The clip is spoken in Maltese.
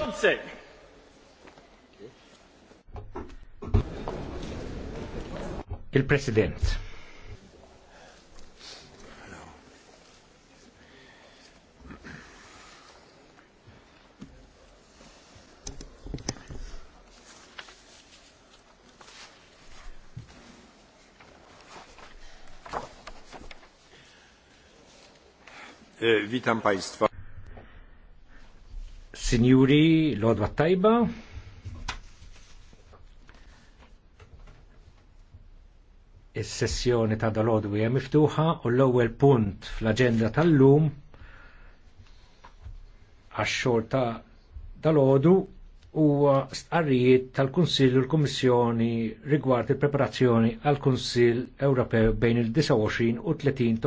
przewodniczący! Il-President. E, witam Państwa. Signuri l-odwa tajba. Is-sessjoni ta' dal-odwa hija miftuħa u l-ewwel punt fl-aġenda tal-lum għax-xogħol ta' dal-odu huwa stqarrijiet tal-Kunsill u l-Kummissjoni rigward il-preparazzjoni għall kunsill Ewropew bejn il-29 u 30